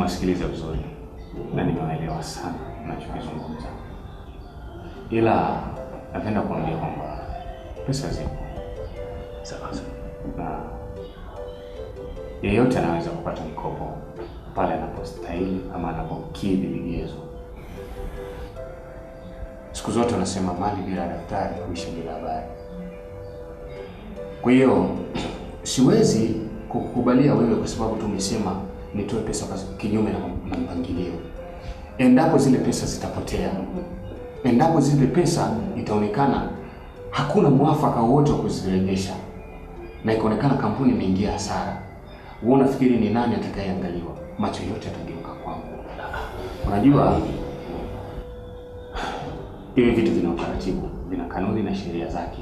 nimewasikiliza vizuri na nimewaelewa sana nachokizungumza, ila napenda kuambia kwamba pesa zipo sawa na yeyote anaweza kupata mkopo pale anapostahili ama anapokidhi vigezo. Siku zote wanasema mali bila daftari kuishi bila habari. Kwa hiyo siwezi kukubalia wewe kwa sababu tumesema nitoe pesa kinyume na mpangilio. Endapo zile pesa zitapotea, endapo zile pesa itaonekana hakuna mwafaka wowote wa kuzirejesha na ikaonekana kampuni imeingia hasara, wewe unafikiri ni nani atakayeangaliwa? Macho yote yatageuka kwangu. Unajua hivi vitu vina utaratibu, vina kanuni na sheria zake.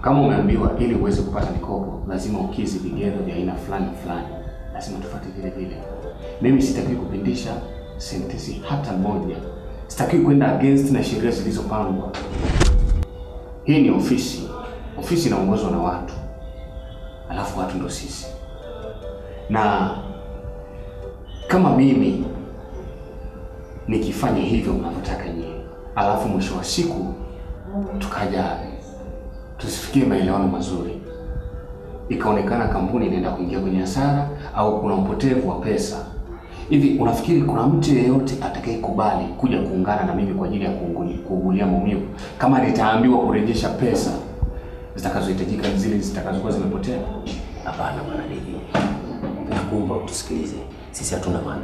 Kama umeambiwa ili uweze kupata mikopo lazima ukizi vigezo vya aina fulani fulani lazima tufuate vile vile. Mimi sitaki kupindisha sentensi hata moja, sitaki kwenda against na sheria zilizopangwa. Hii ni ofisi, ofisi inaongozwa na watu, alafu watu ndo sisi, na kama mimi nikifanya hivyo mnavyotaka nyinyi, alafu mwisho wa siku tukaja tusifikie maelewano mazuri ikaonekana kampuni inaenda kuingia kwenye hasara au kuna upotevu wa pesa. Hivi unafikiri kuna mtu yeyote atakayekubali kuja kuungana na mimi kwa ajili ya kuugulia maumivu kama nitaambiwa kurejesha pesa zitakazohitajika zile zitakazokuwa zimepotea? Hapana bwana Didi, nakuomba utusikilize. Sisi hatuna maana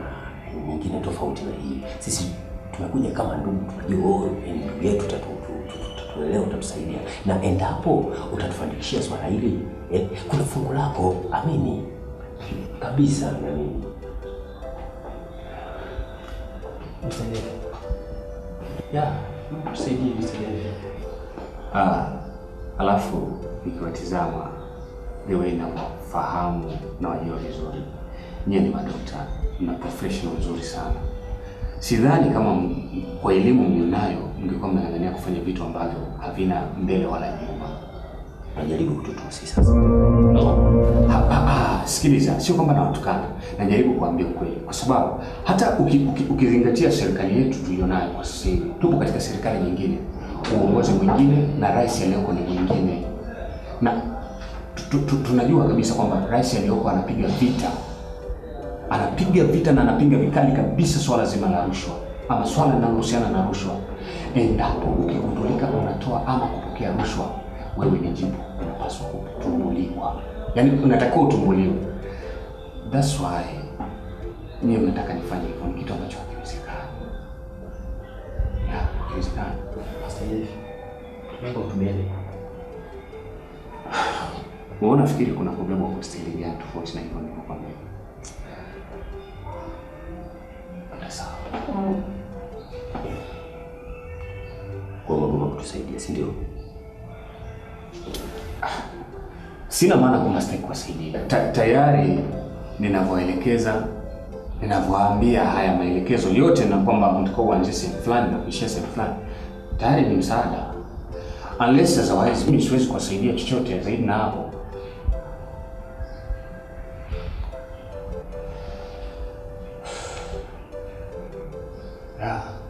nyingine tofauti na hii. Sisi tumekuja kama ndugu, tunajua wewe ndugu yetu, tutatutu leo utamsaidia, na endapo utatufanikishia swala hili eh, kuna fungu lako, amini kabisa na ya Ah, alafu nikiwatizama dewe inawafahamu na wajua vizuri, nyie ni madokta na professional nzuri sana. Sidhani kama kwa elimu mlionayo mlikuwa mnang'ang'ania kufanya vitu ambavyo havina mbele wala nyuma. Najaribu kututusi sasa. Sikiliza, sio kwamba nawatukana, najaribu kuambia ukweli, kwa sababu hata ukizingatia uki, uki serikali yetu tulionayo kwa sasa hivi, tupo katika serikali nyingine, uongozi mwingine, na rais aliyoko ni mwingine, na tunajua kabisa kwamba rais aliyoko anapiga vita, anapiga vita na anapinga vikali kabisa swala zima la rushwa ama swala linalohusiana na rushwa Endapo ukigundulika unatoa ama kupokea rushwa, wewe ni jibu, unapaswa kutumbuliwa, yaani unatakiwa utumbuliwe. That's why niye mnataka nifanye hivyo, ni kitu ambacho hakiwezekani, hakiwezekani. unafikiri kuna problem wa tofauti na hivyo nilivyokwambia? kukusaidia, si ndio? Ah, sina maana kwamba sitaki kuwasaidia. Ta, tayari ninavyoelekeza ninavyoambia haya maelekezo yote na kwamba mtakao uanzie sehemu fulani na kuishia sehemu fulani tayari ni msaada, unless otherwise mimi siwezi kuwasaidia chochote zaidi na hapo. Yeah.